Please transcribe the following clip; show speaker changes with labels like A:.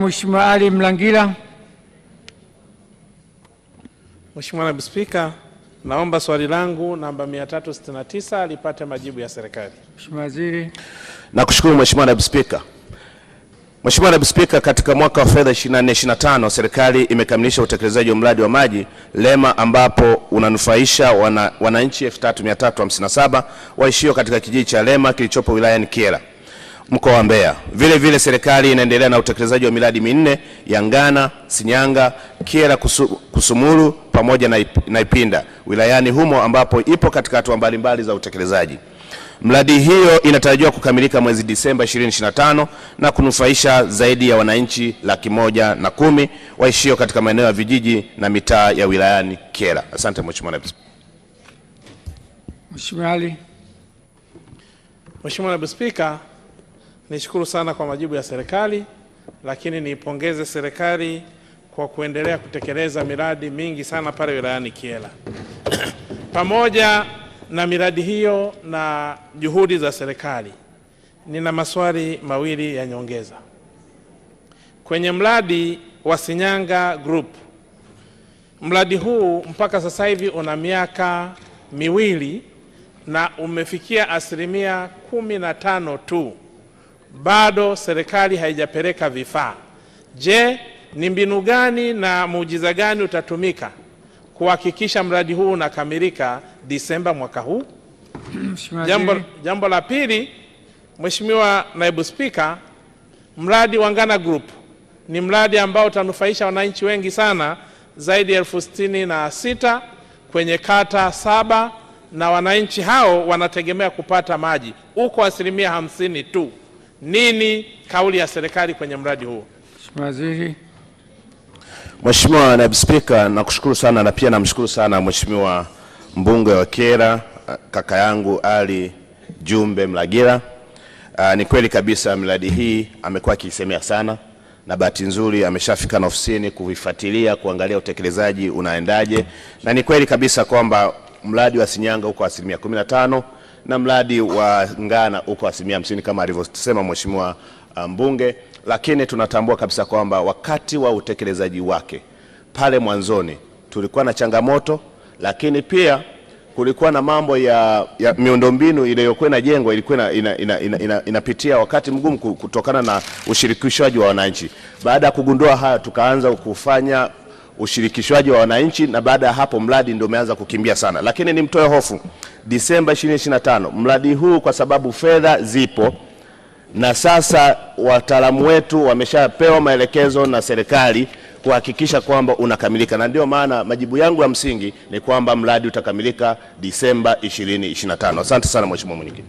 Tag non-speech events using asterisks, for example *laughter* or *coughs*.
A: Mheshimiwa Ali Mlangila.
B: Mheshimiwa Naibu Spika, naomba swali langu namba 369 lipate majibu ya serikali.
A: Mheshimiwa Waziri.
C: Nakushukuru Mheshimiwa Naibu Spika. Mheshimiwa Naibu Spika, katika mwaka wa fedha 2425 serikali imekamilisha utekelezaji wa mradi wa maji Lema ambapo unanufaisha wananchi wana 3357 waishio katika kijiji cha Lema kilichopo wilaya ya Kyela mkoa wa Mbeya. Vile vile serikali inaendelea na utekelezaji wa miradi minne ya Ngana, Sinyanga, Kyela, Kusumulu pamoja na Ipinda wilayani humo ambapo ipo katika hatua mbalimbali za utekelezaji. Mradi hiyo inatarajiwa kukamilika mwezi Disemba 2025 na kunufaisha zaidi ya wananchi laki moja na kumi waishio katika maeneo ya vijiji na mitaa ya wilayani Kiera. Asante Mheshimiwa Naibu Spika.
A: Mheshimiwa Ali.
B: Mheshimiwa Naibu Spika, Nishukuru sana kwa majibu ya serikali, lakini niipongeze serikali kwa kuendelea kutekeleza miradi mingi sana pale wilayani Kyela. *coughs* Pamoja na miradi hiyo na juhudi za serikali, nina maswali mawili ya nyongeza. Kwenye mradi wa sinyanga Group, mradi huu mpaka sasa hivi una miaka miwili na umefikia asilimia kumi na tano tu bado serikali haijapeleka vifaa. Je, ni mbinu gani na muujiza gani utatumika kuhakikisha mradi huu unakamilika Disemba mwaka huu? Jambo, jambo la pili, Mheshimiwa Naibu Spika, mradi wa Ngana Group ni mradi ambao utanufaisha wananchi wengi sana zaidi ya elfu sitini na sita kwenye kata saba na wananchi hao wanategemea kupata maji, uko asilimia hamsini tu. Nini kauli ya serikali kwenye mradi huo?
A: Mheshimiwa Waziri.
C: Mheshimiwa Naibu Spika, nakushukuru sana na pia namshukuru sana Mheshimiwa mbunge wa Kyela kaka yangu Ali Jumbe Mlagira. Aa, ah, ni kweli kabisa miradi hii amekuwa akiisemea sana na bahati nzuri ameshafika na ofisini kuifuatilia kuangalia utekelezaji unaendaje, na ni kweli kabisa kwamba mradi wa sinyanga uko asilimia 15 na mradi wa Ngana uko asilimia hamsini kama alivyosema mheshimiwa uh, mbunge, lakini tunatambua kabisa kwamba wakati wa utekelezaji wake pale mwanzoni tulikuwa na changamoto, lakini pia kulikuwa na mambo ya, ya miundombinu iliyokuwa inajengwa ilikuwa ina, ina, ina, ina, ina wakati mgumu kutokana na ushirikishwaji wa wananchi. Baada ya kugundua haya, tukaanza kufanya ushirikishwaji wa wananchi, na baada ya hapo mradi ndio umeanza kukimbia sana. Lakini nimtoe hofu, Disemba 2025 mradi huu, kwa sababu fedha zipo na sasa wataalamu wetu wameshapewa maelekezo na serikali kuhakikisha kwamba unakamilika, na ndio maana majibu yangu ya msingi ni kwamba mradi utakamilika Disemba 2025. Asante sana Mheshimiwa Mwenyekiti.